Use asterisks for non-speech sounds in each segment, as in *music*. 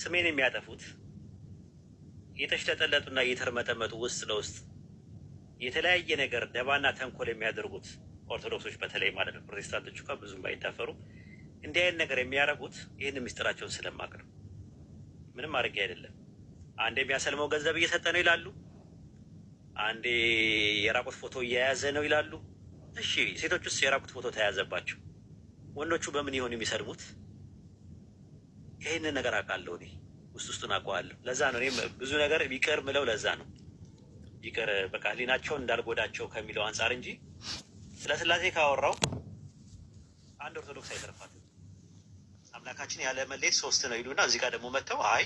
ስሜን የሚያጠፉት የተሽለጠለጡና የተርመጠመጡ ውስጥ ለውስጥ የተለያየ ነገር ደባና ተንኮል የሚያደርጉት ኦርቶዶክሶች በተለይ ማለት ነው። ፕሮቴስታንቶች እንኳ ብዙም አይዳፈሩም። እንዲህ አይነት ነገር የሚያደርጉት ይህን ምስጢራቸውን ስለማቅ ነው። ምንም አድርጌ አይደለም። አንዴ የሚያሰልመው ገንዘብ እየሰጠ ነው ይላሉ። አንዴ የራቁት ፎቶ እየያዘ ነው ይላሉ። እሺ ሴቶች ውስጥ የራቁት ፎቶ ተያዘባቸው፣ ወንዶቹ በምን ይሆን የሚሰልሙት? ይህንን ነገር አውቃለሁ እኔ ውስጥ ውስጡን አውቀዋለሁ። ለዛ ነው እኔም ብዙ ነገር ቢቀር ምለው ለዛ ነው ቢቀር በቃ ሊናቸው እንዳልጎዳቸው ከሚለው አንጻር እንጂ ስለ ስላሴ ካወራው አንድ ኦርቶዶክስ አይተርፋት። አምላካችን ያለ መለየት ሶስት ነው ይሉና እዚህ ጋር ደግሞ መጥተው አይ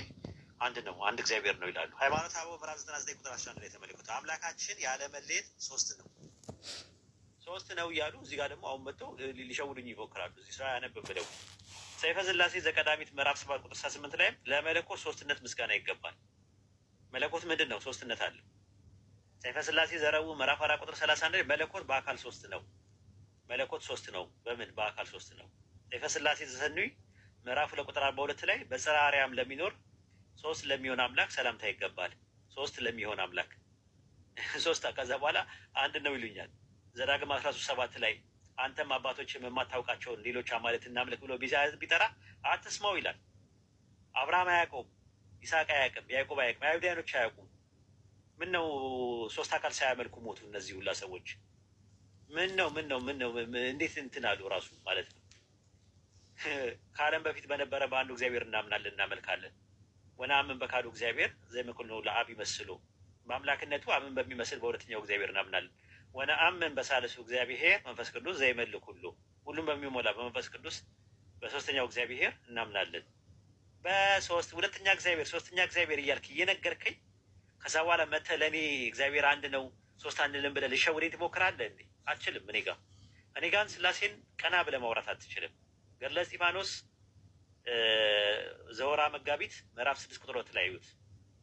አንድ ነው አንድ እግዚአብሔር ነው ይላሉ። ሃይማኖት አበው ምዕራፍ ዘጠና ዘጠኝ ቁጥር አስራ አንድ ላይ ተመለከቱ። አምላካችን ያለ መለየት ሶስት ነው ሶስት ነው እያሉ እዚህ ጋር ደግሞ አሁን መጥተው ሊሸውዱኝ ይሞክራሉ። እዚህ ስራ ያነብብ ብለው ሰይፈ ስላሴ ዘቀዳሚት ምዕራፍ ሰባት ቁጥር ስልሳ ስምንት ላይም ለመለኮት ሶስትነት ምስጋና ይገባል። መለኮት ምንድን ነው? ሶስትነት አለው። ሰይፈ ስላሴ ዘረቡ ምዕራፍ አራት ቁጥር ሰላሳ አንድ ላይ መለኮት በአካል ሶስት ነው። መለኮት ሶስት ነው። በምን በአካል ሶስት ነው። ሰይፈ ስላሴ ዘሰኑይ ምዕራፍ ሁለት ቁጥር አርባ ሁለት ላይ በጽርሐ አርያም ለሚኖር ሶስት ለሚሆን አምላክ ሰላምታ ይገባል። ሶስት ለሚሆን አምላክ ሶስት ከዛ በኋላ አንድ ነው ይሉኛል። ዘዳግም አስራ ሶስት ሰባት ላይ አንተም አባቶችም የማታውቃቸውን ሌሎች አማለት እናምልክ ብሎ ቢጠራ አትስማው ይላል። አብርሃም አያውቀውም፣ ይስሐቅ አያውቅም፣ ያዕቆብ አያውቅም፣ አይሁዳያኖች አያውቁም። ምን ነው ሶስት አካል ሳያመልኩ ሞቱ እነዚህ ሁላ ሰዎች? ምን ነው ምን ነው ምን ነው እንዴት እንትን አሉ ራሱ ማለት ነው። *laughs* ከዓለም በፊት በነበረ በአንዱ እግዚአብሔር እናምናለን እናመልካለን። ወና አምን በካዱ እግዚአብሔር ዘይመክል ነው ለአብ ይመስሉ በአምላክነቱ አምን በሚመስል በሁለተኛው እግዚአብሔር እናምናለን። ወነአምን በሳልሱ እግዚአብሔር መንፈስ ቅዱስ ዘይመልክ ሁሉ ሁሉም በሚሞላ በመንፈስ ቅዱስ በሶስተኛው እግዚአብሔር እናምናለን። በሶስት ሁለተኛ እግዚአብሔር ሶስተኛ እግዚአብሔር እያልክ እየነገርከኝ ከዛ በኋላ መተ ለእኔ እግዚአብሔር አንድ ነው ሶስት አንድ ልን ብለህ ወደ ትሞክራለ እ አትችልም። እኔ ጋ እኔ ጋን ስላሴን ቀና ብለ ማውራት አትችልም። ገድለ እስጢፋኖስ ዘወራ መጋቢት ምዕራፍ ስድስት ቁጥር ተለያዩት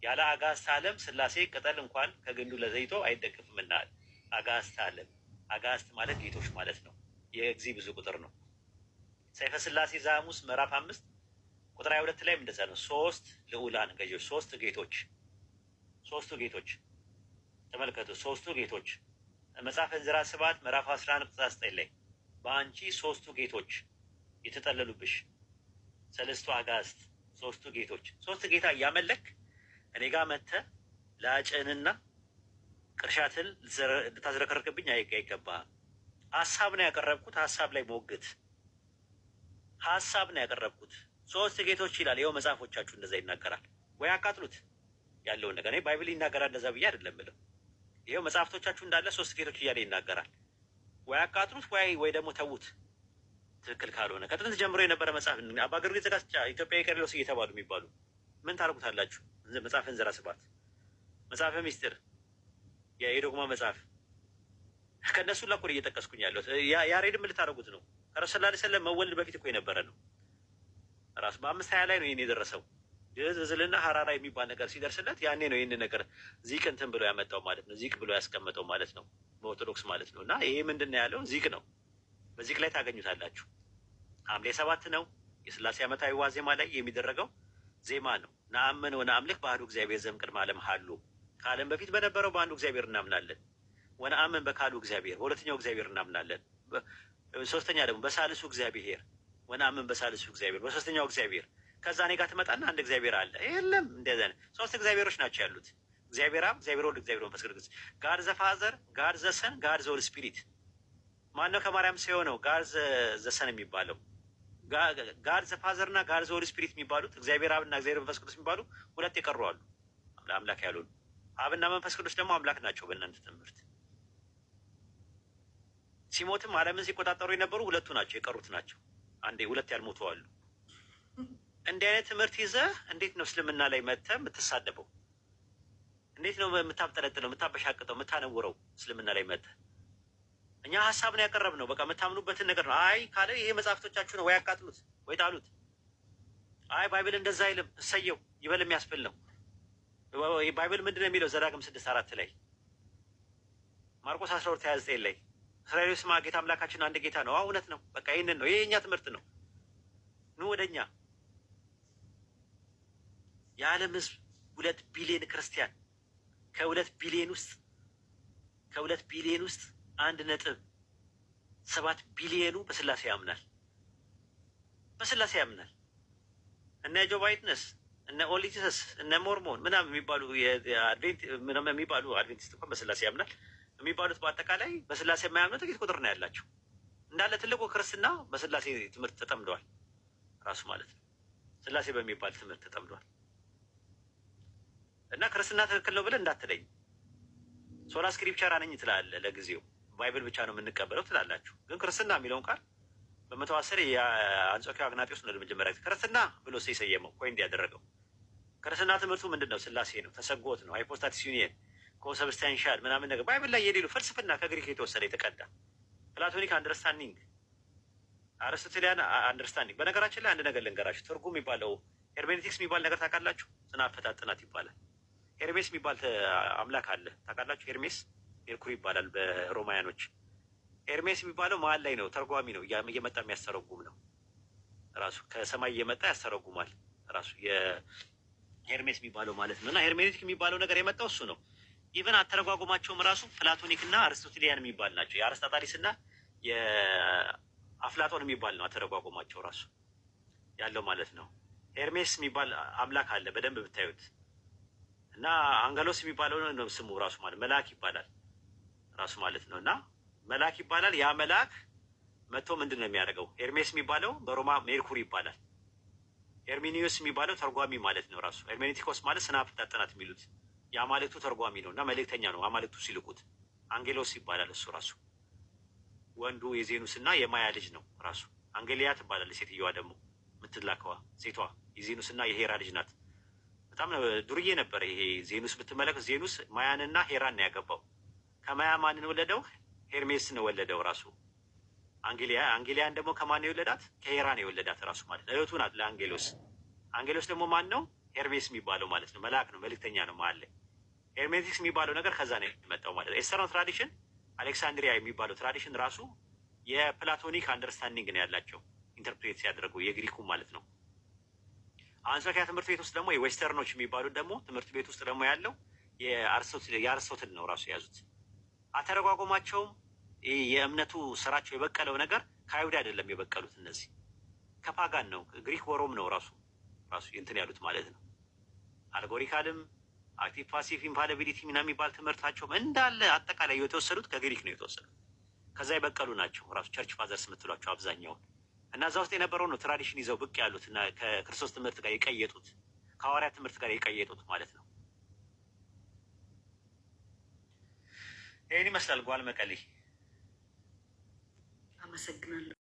ያለ አጋዕዝተ ዓለም ስላሴ ቅጠል እንኳን ከግንዱ ለዘይቶ አይደቅፍም እናል አጋስት አለ። አጋስት ማለት ጌቶች ማለት ነው። የእግዚ ብዙ ቁጥር ነው። ሰይፈ ስላሴ ዘሐሙስ ምዕራፍ አምስት ቁጥር ሀያ ሁለት ላይ እንደዛ ነው። ሶስት ልዑላን ገዢዎች፣ ሶስት ጌቶች፣ ሶስቱ ጌቶች ተመልከቱ። ሶስቱ ጌቶች መጽሐፈ ዕዝራ ስብዓት ምዕራፍ አስራ አንድ ቁጥር ዘጠኝ ላይ በአንቺ ሶስቱ ጌቶች የተጠለሉብሽ ሰለስቱ አጋስት፣ ሶስቱ ጌቶች፣ ሶስት ጌታ እያመለክ እኔ ጋር መጥተህ ላጭንና ቅርሻትህን ልታዝረከርክብኝ አይገባ። ሀሳብ ነው ያቀረብኩት። ሀሳብ ላይ ሞግት። ሀሳብ ነው ያቀረብኩት። ሶስት ጌቶች ይላል። ይኸው መጽሐፎቻችሁ እንደዛ ይናገራል። ወይ አቃጥሉት ያለውን ነገር ባይብል ይናገራል። እንደዛ ብዬ አይደለም ብለው ይኸው መጽሐፍቶቻችሁ እንዳለ ሶስት ጌቶች እያለ ይናገራል። ወይ አቃጥሉት ወይ ወይ ደግሞ ተዉት። ትክክል ካልሆነ ከጥንት ጀምሮ የነበረ መጽሐፍ አባ ግርግዝ ዘጋስጫ፣ ኢትዮጵያ ቀሪሎስ እየተባሉ የሚባሉ ምን ታደርጉታላችሁ? መጽሐፈ እንዝራ ስብሐት፣ መጽሐፈ ሚስጥር የዶግማ መጽሐፍ ከእነሱ ላ እኮ እየጠቀስኩኝ ያለሁት። ያሬድም ልታደርጉት ነው። ከረሱ ላ ሰለም መወለድ በፊት እኮ የነበረ ነው። ራሱ በአምስት ሀያ ላይ ነው ይህን የደረሰው። ዝልና ሀራራ የሚባል ነገር ሲደርስለት ያኔ ነው ይህን ነገር ዚቅ እንትን ብሎ ያመጣው ማለት ነው። ዚቅ ብሎ ያስቀመጠው ማለት ነው፣ በኦርቶዶክስ ማለት ነው። እና ይሄ ምንድን ነው ያለው? ዚቅ ነው። በዚቅ ላይ ታገኙታላችሁ። ሐምሌ ሰባት ነው የስላሴ ዓመታዊ ዋዜማ ላይ የሚደረገው ዜማ ነው። ነአምን ወነአምልክ ባህዱ እግዚአብሔር ዘእምቅድመ ዓለም ሀሉ ከዓለም በፊት በነበረው በአንዱ እግዚአብሔር እናምናለን። ወነአምን በካሉ እግዚአብሔር፣ በሁለተኛው እግዚአብሔር እናምናለን። ሶስተኛ ደግሞ በሳልሱ እግዚአብሔር፣ ወነአምን በሳልሱ እግዚአብሔር፣ በሶስተኛው እግዚአብሔር። ከዛ እኔ ጋር ትመጣና አንድ እግዚአብሔር አለ የለም። እንደዚያ ሶስት እግዚአብሔሮች ናቸው ያሉት እግዚአብሔር አብ፣ እግዚአብሔር ወልድ፣ እግዚአብሔር መንፈስ ቅዱስ። ጋድ ዘፋዘር፣ ጋድ ዘሰን፣ ጋድ ዘወል ስፒሪት። ማን ነው ከማርያም ሰው የሆነው? ጋድ ዘሰን የሚባለው ጋድ ዘፋዘር እና ጋድ ዘወል ስፒሪት የሚባሉት እግዚአብሔር አብ እና እግዚአብሔር መንፈስ ቅዱስ የሚባሉ ሁለት የቀሩ አሉ አምላክ ያልሆኑ አብና መንፈስ ቅዱስ ደግሞ አምላክ ናቸው። በእናንተ ትምህርት ሲሞትም ዓለምን ሲቆጣጠሩ የነበሩ ሁለቱ ናቸው፣ የቀሩት ናቸው። አንዴ ሁለት ያልሞቱ አሉ። እንዲህ አይነት ትምህርት ይዘህ እንዴት ነው እስልምና ላይ መጥተህ የምትሳደበው? እንዴት ነው የምታብጠለጥለው፣ የምታበሻቅጠው፣ የምታነውረው? እስልምና ላይ መጥተህ እኛ ሀሳብ ነው ያቀረብ ነው በቃ የምታምኑበትን ነገር ነው። አይ ካለ ይሄ መጽሐፍቶቻችሁ ነው፣ ወይ አቃጥሉት፣ ወይ ጣሉት። አይ ባይብል እንደዛ አይልም፣ እሰየው ይበል የሚያስብል ነው። ባይብል ምንድን ነው የሚለው? ዘዳግም ስድስት አራት ላይ ማርቆስ አስራ ሁለት ሀያ ዘጠኝ ላይ እስራኤል ስማ ጌታ አምላካችን አንድ ጌታ ነው። እውነት ነው። በቃ ይህንን ነው። ይህ የእኛ ትምህርት ነው። ኑ ወደ እኛ። የዓለም ህዝብ ሁለት ቢሊዮን ክርስቲያን ከሁለት ቢሊዮን ውስጥ ከሁለት ቢሊዮን ውስጥ አንድ ነጥብ ሰባት ቢሊዮኑ በስላሴ ያምናል። በስላሴ ያምናል እና የጆባ እነ ኦሊተስ እነ ሞርሞን ምናምን የሚባሉ የሚባሉ አድቬንቲስት እንኳን በስላሴ ያምናል የሚባሉት በአጠቃላይ በስላሴ የማያምኑ ጥቂት ቁጥር ነው ያላቸው። እንዳለ ትልቁ ክርስትና በስላሴ ትምህርት ተጠምደዋል። ራሱ ማለት ነው ስላሴ በሚባል ትምህርት ተጠምደዋል። እና ክርስትና ትክክል ነው ብለን እንዳትለኝ። ሶላ ስክሪፕቸራ ነኝ ትላለ። ለጊዜው ባይብል ብቻ ነው የምንቀበለው ትላላችሁ፣ ግን ክርስትና የሚለውን ቃል በመቶ አስር የአንጾኪያው አግናጢዎስ ነው ለመጀመሪያ ጊዜ ክርስትና ብሎ የሰየመው ኮይ ያደረገው ክርስትና ትምህርቱ ምንድን ነው? ስላሴ ነው፣ ተሰጎት ነው፣ ሃይፖስታቲስ ዩኒየን ኮንሰብስታንሻል ምናምን ነገር ባይብል ላይ የሌሉ ፍልስፍና ከግሪክ የተወሰደ የተቀዳ ፕላቶኒክ አንደርስታንዲንግ፣ አርስቶቴሊያን አንደርስታንዲንግ። በነገራችን ላይ አንድ ነገር ልንገራችሁ፣ ትርጉም የሚባለው ሄርሜኔቲክስ የሚባል ነገር ታውቃላችሁ? ጽንሰ አፈታት ጥናት ይባላል። ሄርሜስ የሚባል አምላክ አለ ታውቃላችሁ? ሄርሜስ ሜርኩሪ ይባላል በሮማያኖች ኤርሜስ የሚባለው መሀል ላይ ነው፣ ተርጓሚ ነው፣ እየመጣ የሚያስተረጉም ነው። ራሱ ከሰማይ እየመጣ ያስተረጉማል። ራሱ ኤርሜስ የሚባለው ማለት ነው። እና ሄርሜኔቲክ የሚባለው ነገር የመጣው እሱ ነው። ኢቨን አተረጓጎማቸውም ራሱ ፕላቶኒክ እና አርስቶቴሊያን የሚባል ናቸው። የአርስታታሪስ እና የአፍላጦን የሚባል ነው አተረጓጎማቸው ራሱ ያለው ማለት ነው። ሄርሜስ የሚባል አምላክ አለ በደንብ ብታዩት እና አንገሎስ የሚባለው ነው ስሙ ራሱ ማለት መልአክ ይባላል ራሱ ማለት ነው እና መልአክ ይባላል። ያ መልአክ መጥቶ ምንድን ነው የሚያደርገው? ኤርሜስ የሚባለው በሮማ ሜርኩሪ ይባላል። ኤርሚኒዮስ የሚባለው ተርጓሚ ማለት ነው። ራሱ ኤርሜኔቲኮስ ማለት ስናፍጣጠናት የሚሉት የአማልክቱ ተርጓሚ ነው እና መልእክተኛ ነው። አማልክቱ ሲልቁት አንጌሎስ ይባላል። እሱ ራሱ ወንዱ የዜኑስ እና የማያ ልጅ ነው። ራሱ አንጌሊያ ትባላለች። ሴትዮዋ ደግሞ የምትላከዋ ሴቷ የዜኑስ እና የሄራ ልጅ ናት። በጣም ዱርዬ ነበረ ይሄ ዜኑስ። ብትመለከት ዜኑስ ማያንና ሄራን ነው ያገባው። ከማያ ማንን ወለደው? ሄርሜስ ነው ወለደው ራሱ አንጌሊያ አንጌሊያን ደግሞ ከማን ነው የወለዳት? ከሄራ ነው የወለዳት ራሱ ማለት ነው። እህቱ ናት ለአንጌሎስ። አንጌሎስ ደግሞ ማን ነው? ሄርሜስ የሚባለው ማለት ነው። መልአክ ነው፣ መልእክተኛ ነው ማለት ሄርሜቲክስ የሚባለው ነገር ከዛ ነው የመጣው ማለት ነው። ኤስተርን ትራዲሽን አሌክሳንድሪያ የሚባለው ትራዲሽን ራሱ የፕላቶኒክ አንደርስታንዲንግ ነው ያላቸው ኢንተርፕሬት ሲያደርጉ የግሪኩ ማለት ነው። አንጾኪያ ትምህርት ቤት ውስጥ ደግሞ የዌስተርኖች የሚባሉት ደግሞ ትምህርት ቤት ውስጥ ደግሞ ያለው የአርስቶትል ነው ራሱ የያዙት አተረጓጎማቸውም የእምነቱ ስራቸው የበቀለው ነገር ከአይሁድ አይደለም የበቀሉት። እነዚህ ከፓጋን ነው፣ ግሪክ ወሮም ነው ራሱ ራሱ እንትን ያሉት ማለት ነው። አልጎሪካልም አክቲቭ ፓሲቭ ኢንቫሊቢሊቲ ምና የሚባል ትምህርታቸውም እንዳለ አጠቃላይ የተወሰዱት ከግሪክ ነው የተወሰዱት። ከዛ የበቀሉ ናቸው ራሱ ቸርች ፋዘርስ የምትሏቸው አብዛኛውን እና እዛ ውስጥ የነበረው ነው ትራዲሽን ይዘው ብቅ ያሉት እና ከክርስቶስ ትምህርት ጋር የቀየጡት ከሐዋርያ ትምህርት ጋር የቀየጡት ማለት ነው። ይህን ይመስላል ጓል መቀሌ አመሰግናለሁ።